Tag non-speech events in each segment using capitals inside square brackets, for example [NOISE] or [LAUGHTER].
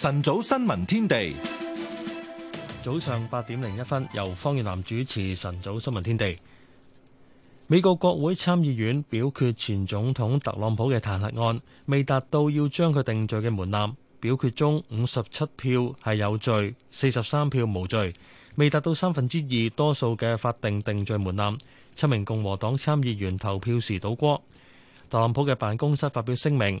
晨早新聞天地，早上八點零一分，由方遠南主持晨早新聞天地。美國國會參議院表決前總統特朗普嘅彈劾案，未達到要將佢定罪嘅門檻。表決中五十七票係有罪，四十三票無罪，未達到三分之二多數嘅法定定罪門檻。七名共和黨參議員投票時倒戈。特朗普嘅辦公室發表聲明。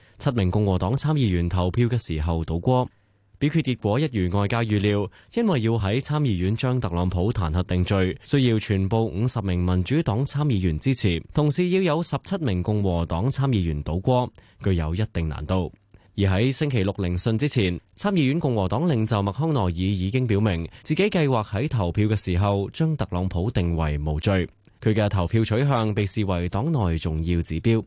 七名共和黨參議員投票嘅時候倒戈，表決結果一如外界預料，因為要喺參議院將特朗普彈劾定罪，需要全部五十名民主黨參議員支持，同時要有十七名共和黨參議員倒戈，具有一定難度。而喺星期六聆訊之前，參議院共和黨領袖麥康奈爾已經表明自己計劃喺投票嘅時候將特朗普定為無罪，佢嘅投票取向被視為黨內重要指標。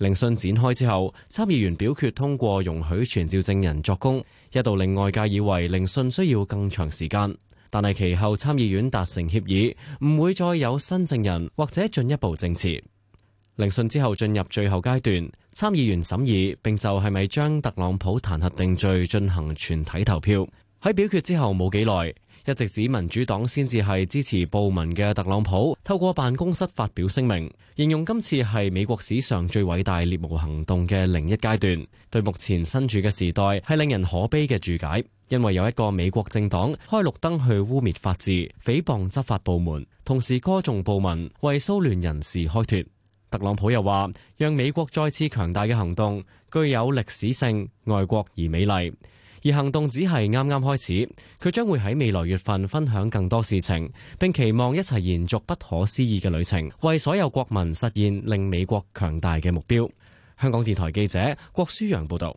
聆訊展開之後，參議員表決通過容許傳召證人作供，一度令外界以為聆訊需要更長時間。但係其後參議院達成協議，唔會再有新證人或者進一步證詞。聆訊之後進入最後階段，參議員審議並就係咪將特朗普彈劾定罪進行全體投票。喺表決之後冇幾耐。一直指民主黨先至係支持暴民嘅特朗普，透過辦公室發表聲明，形容今次係美國史上最偉大獵巫行動嘅另一階段，對目前身處嘅時代係令人可悲嘅注解，因為有一個美國政黨開綠燈去污衊法治、誹謗執法部門，同時歌頌暴民為騷亂人士開脫。特朗普又話，讓美國再次強大嘅行動具有歷史性、愛國而美麗。而行動只係啱啱開始，佢將會喺未來月份分享更多事情，並期望一齊延續不可思議嘅旅程，為所有國民實現令美國強大嘅目標。香港電台記者郭舒揚報導。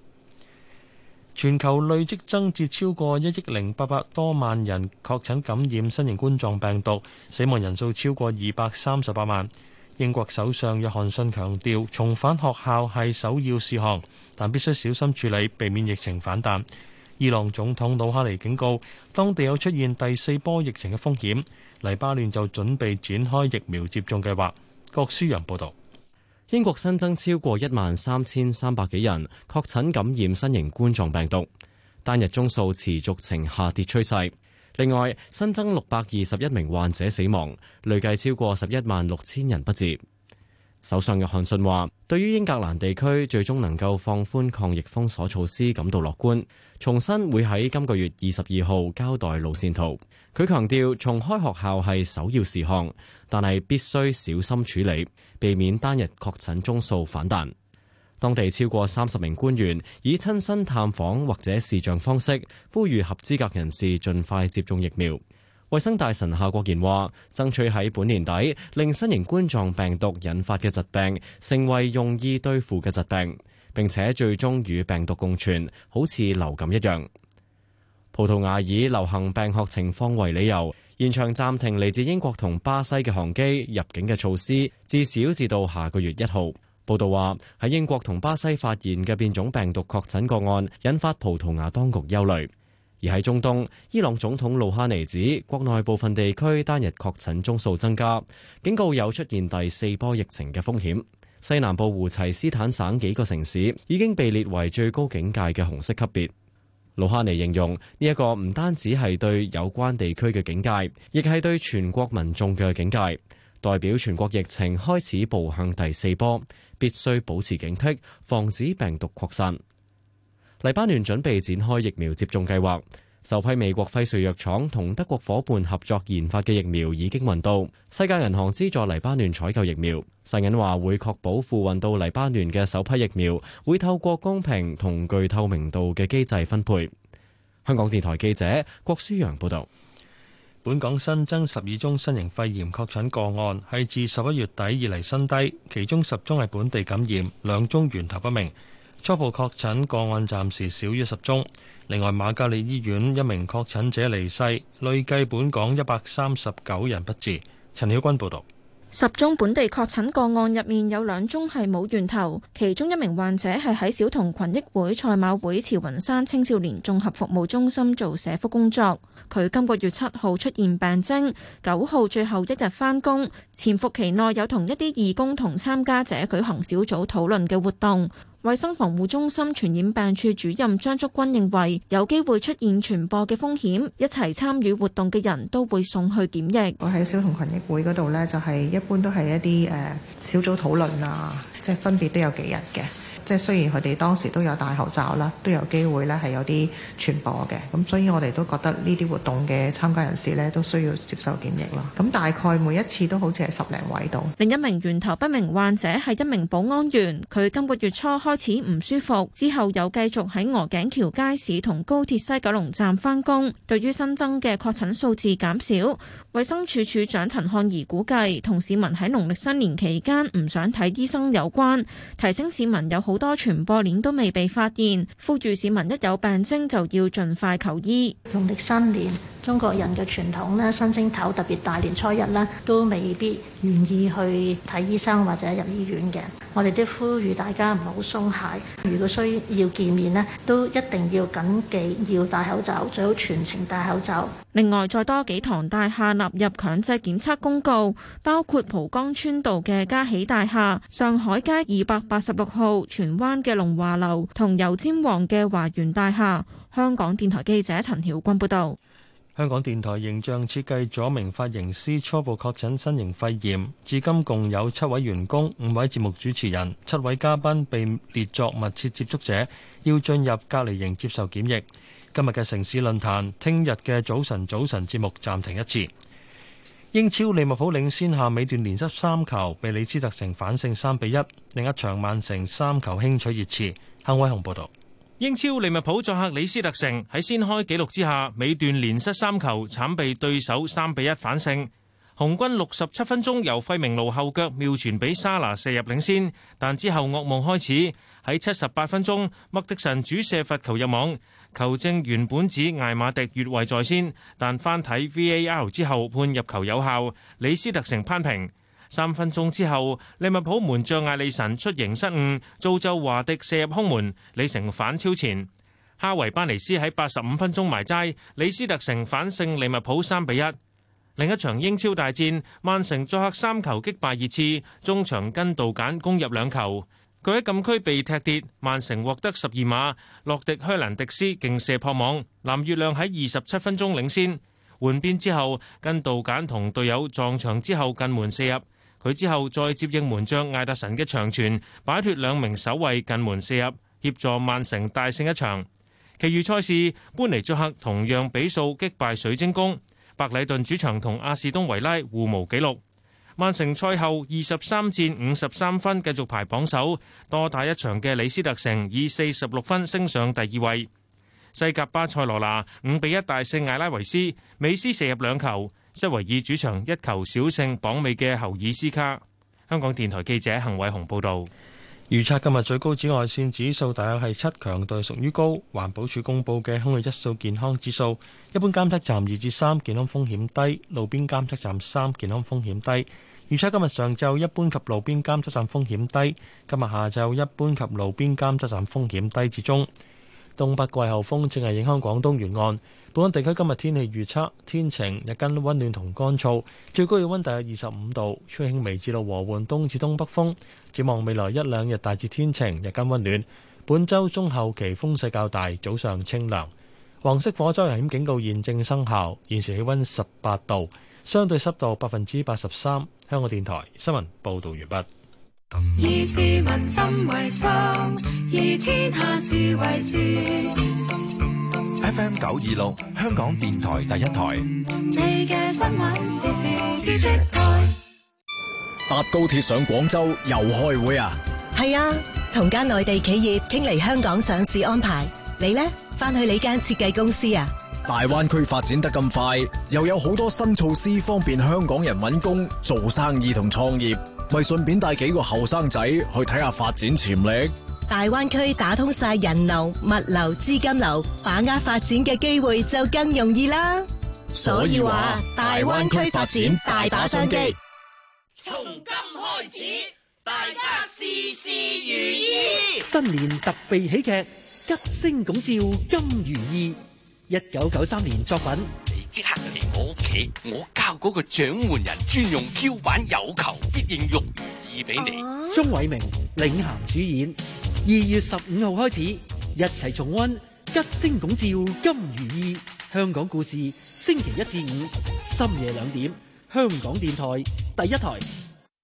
全球累積增至超過一億零八百多萬人確診感染新型冠狀病毒，死亡人數超過二百三十八萬。英國首相約翰遜強調，重返學校係首要事項，但必須小心處理，避免疫情反彈。伊朗總統魯哈尼警告，當地有出現第四波疫情嘅風險。黎巴嫩就準備展開疫苗接種計劃。郭舒揚報道。英國新增超過一萬三千三百幾人確診感染新型冠狀病毒，單日宗數持續呈下跌趨勢。另外，新增六百二十一名患者死亡，累計超過十一萬六千人不治。首相約翰遜話，對於英格蘭地區最終能夠放寬抗疫封鎖措施，感到樂觀。重申會喺今個月二十二號交代路線圖。佢強調重開學校係首要事項，但係必須小心處理，避免單日確診宗數反彈。當地超過三十名官員以親身探訪或者視像方式，呼籲合資格人士盡快接種疫苗。衛生大臣夏國賢話：爭取喺本年底，令新型冠狀病毒引發嘅疾病成為容易對付嘅疾病，並且最終與病毒共存，好似流感一樣。葡萄牙以流行病學情況為理由，延長暫停嚟自英國同巴西嘅航機入境嘅措施，至少至到下個月一號。報道話，喺英國同巴西發現嘅變種病毒確診個案，引發葡萄牙當局憂慮。而喺中東，伊朗總統魯哈尼指，國內部分地區單日確診宗數增加，警告有出現第四波疫情嘅風險。西南部胡齊斯坦省幾個城市已經被列為最高警戒嘅紅色級別。盧哈尼形容呢一個唔單止係對有關地區嘅警戒，亦係對全國民眾嘅警戒，代表全國疫情開始步向第四波，必須保持警惕，防止病毒擴散。黎巴嫩準備展開疫苗接種計劃。首批美國輝瑞藥廠同德國伙伴合作研發嘅疫苗已經運到，世界銀行資助黎巴嫩採購疫苗。世銀話會確保付運到黎巴嫩嘅首批疫苗會透過公平同具透明度嘅機制分配。香港電台記者郭舒揚報道。本港新增十二宗新型肺炎確診個案，係自十一月底以來新低，其中十宗係本地感染，兩宗源頭不明。初步確診個案暫時少於十宗。另外，瑪嘉烈醫院一名確診者離世，累計本港一百三十九人不治。陳曉君報道：十宗本地確診個案入面有兩宗係冇源頭，其中一名患者係喺小童群益會賽馬會慈雲山青少年綜合服務中心做社福工作。佢今個月七號出現病徵，九號最後一日返工，潛伏期內有同一啲義工同參加者舉行小組討論嘅活動。衛生防護中心傳染病處主任張竹君認為，有機會出現傳播嘅風險，一齊參與活動嘅人都會送去檢疫。我喺小童群益會嗰度呢，就係一般都係一啲誒小組討論啊，即係分別都有幾日嘅。即係雖然佢哋當時都有戴口罩啦，都有機會咧係有啲傳播嘅，咁所以我哋都覺得呢啲活動嘅參加人士呢都需要接受檢疫啦。咁大概每一次都好似係十零位度。另一名源頭不明患者係一名保安員，佢今個月初開始唔舒服，之後又繼續喺鵝頸橋街市同高鐵西九龍站翻工。對於新增嘅確診數字減少。衛生署署長陳漢儀估計，同市民喺農曆新年期間唔想睇醫生有關，提醒市民有好多傳播鏈都未被發現，呼籲市民一有病徵就要盡快求醫。農曆新年，中國人嘅傳統咧，新正頭特別大年初一咧，都未必。願意去睇醫生或者入醫院嘅，我哋都呼籲大家唔好鬆懈。如果需要見面呢，都一定要緊記要戴口罩，最好全程戴口罩。另外，再多幾幢大廈納入強制檢測公告，包括蒲崗村道嘅嘉禧大廈、上海街二百八十六號荃灣嘅龍華樓同油尖旺嘅華源大廈。香港電台記者陳曉君報道。香港電台形象設計左名髮型師初步確診新型肺炎，至今共有七位員工、五位節目主持人、七位嘉賓被列作密切接觸者，要進入隔離營接受檢疫。今日嘅城市論壇，聽日嘅早晨早晨節目暫停一次。英超利物浦領先下，尾段連失三球，被李斯特城反勝三比一。另一場曼城三球輕取熱刺。向偉雄報道。英超利物浦作客李斯特城喺先開紀錄之下，尾段連失三球，慘被對手三比一反勝。紅軍六十七分鐘由費明路後腳妙傳俾沙拿射入領先，但之後噩夢開始。喺七十八分鐘，麥迪臣主射罰球入網，球證原本指艾馬迪越位在先，但翻睇 V A R 之後判入球有效，李斯特城攀平。三分鐘之後，利物浦門將艾利臣出迎失誤，造就華迪射入空門，李成反超前。哈維巴尼斯喺八十五分鐘埋齋，李斯特城反勝利物浦三比一。另一場英超大戰，曼城作客三球擊敗熱刺，中場跟杜簡攻入兩球，佢喺禁區被踢跌，曼城獲得十二碼，洛迪希蘭迪斯勁射破網，藍月亮喺二十七分鐘領先。換邊之後，跟杜簡同隊友撞牆之後近門射入。佢之後再接應門將艾達臣嘅長傳，擺脫兩名守衞近門射入，協助曼城大勝一場。其餘賽事，搬尼作客同樣比數擊敗水晶宮，白禮頓主場同阿士東維拉互無紀錄。曼城賽後二十三戰五十三分，繼續排榜首。多打一場嘅里斯特城以四十六分升上第二位。西甲巴塞羅那五比一大勝艾拉維斯，美斯射入兩球。斯維爾主場一球小勝榜尾嘅侯爾斯卡。香港電台記者邢偉雄報道。預測今日最高紫外線指數大約係七，強度屬於高。環保署公布嘅空氣質素健康指數，一般監測站二至三，健康風險低；路邊監測站三，健康風險低。預測今日上晝一般及路邊監測站風險低，今日下晝一般及路邊監測站風險低至中。東北季候風正係影響廣東沿岸。本港地區今日天氣預測，天晴，日間溫暖同乾燥，最高嘅溫度大概二十五度，吹輕微至到和緩東至東北風。展望未來一兩日大致天晴，日間溫暖。本週中後期風勢較大，早上清涼。黃色火災危險警告現正生效。現時氣溫十八度，相對濕度百分之八十三。香港電台新聞報導完畢。F M 九二六，香港電台第一台。搭高鐵上廣州又開會啊？係啊，同間內地企業傾嚟香港上市安排。你呢，翻去你間設計公司啊？大灣區發展得咁快，又有好多新措施，方便香港人揾工、做生意同創業，咪順便帶幾個後生仔去睇下發展潛力。大灣區打通晒人流、物流、資金流，把握發展嘅機會就更容易啦。所以話大灣區發展大把商機。從今開始，大家事事如意。新年特備喜劇《吉星拱照金如意》，一九九三年作品。你即刻嚟我屋企，我教嗰個掌門人專用 Q 版，有求必應，玉如意俾你。鍾偉明領銜主演。二月十五號開始，一齊重溫吉星拱照金如意，香港故事，星期一至五深夜兩點，香港電台第一台。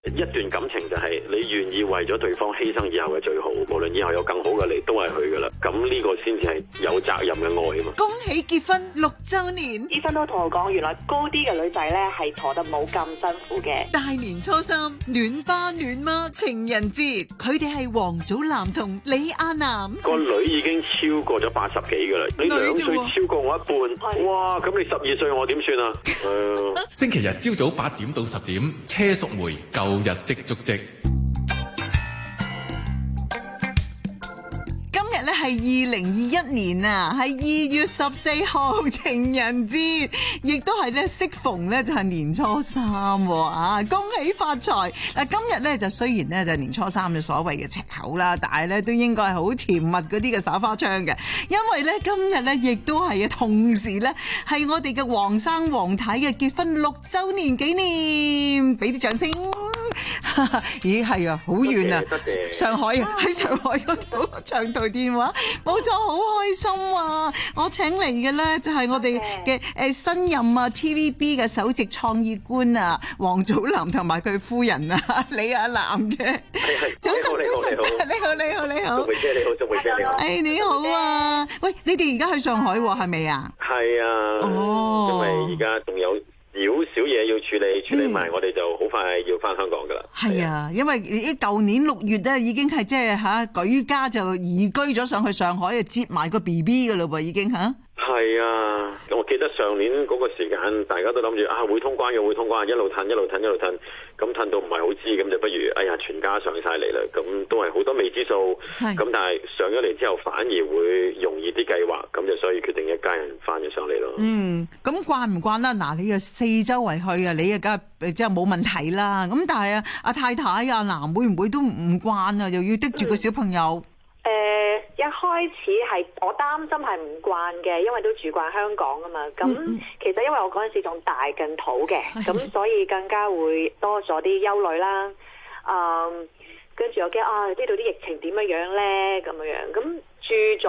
一段感情就係你願意為咗對方犧牲以後嘅最好，無論以後有更好嘅你，都係佢噶啦。咁呢個先至係有責任嘅愛啊嘛！恭喜結婚六週年！醫生都同我講，原來高啲嘅女仔咧係坐得冇咁辛苦嘅。大年初三暖爸暖媽，情人節佢哋係王祖藍同李亞男。個女已經超過咗八十幾噶啦，啊、你兩歲超過我一半，嗯、哇！咁你十二歲我點算啊？ [LAUGHS] [LAUGHS] 星期日朝早八點到十點，車淑梅夠。日的足跡。今日咧係二零二一年啊，係二月十四號情人節，亦都係咧適逢咧就係、係、年初三啊，恭喜發財。嗱、啊，今日咧就雖然咧就係、年初三嘅所謂嘅赤口啦，但係咧都應該係好甜蜜嗰啲嘅耍花槍嘅，因為咧今日咧亦都係啊，同時咧係我哋嘅黃生黃太嘅結婚六週年紀念，俾啲掌聲。 [LAUGHS] 咦，係啊，好遠啊，謝謝，謝謝上海啊，喺上海嗰度長途電話，冇錯，好開心啊！我請嚟嘅咧就係我哋嘅誒新任啊 TVB 嘅首席創意官啊，王祖藍同埋佢夫人啊李亞男嘅。早晨，早晨上，你好，你好，你好，你好，姐你好，你好，哎，你好啊！誒，你好啊！喂，你哋而家喺上海係咪啊？係啊，哦！因為而家仲有。 [LAUGHS] 小嘢、嗯、要處理處理埋，我哋就好快要返香港㗎喇。係啊，啊因為啲舊年六月咧已經係即係嚇舉家就移居咗上去上海就接埋個 BB 嘅嘞噃，已經嚇。係啊，我記得上年嗰個時間，大家都諗住啊會通關嘅會通關，一路褪一路褪一路褪，咁、嗯、褪到唔係好知，咁就不如哎呀全家上晒嚟啦，咁都係好多未知數。係是。咁但係上咗嚟之後，反而會容易啲計劃，咁就所以。大人翻咗上嚟咯。嗯，咁慣唔慣啦？嗱、嗯，乖乖 na, 你又四周圍去啊，你又梗係、呃、即係冇問題啦。咁但係啊，阿太太啊，嗱，會唔會都唔慣啊？又要逼住個小朋友。誒，一開始係我擔心係唔慣嘅，因為都住慣香港啊嘛。咁其實因為我嗰陣時仲大近土嘅，咁所以更加會多咗啲憂慮啦。嗯，跟、嗯 [LAUGHS] [LAUGHS] 嗯嗯、住，住，住，住、呃、我驚啊，呢度啲疫情點樣樣咧？咁樣樣咁住，住，住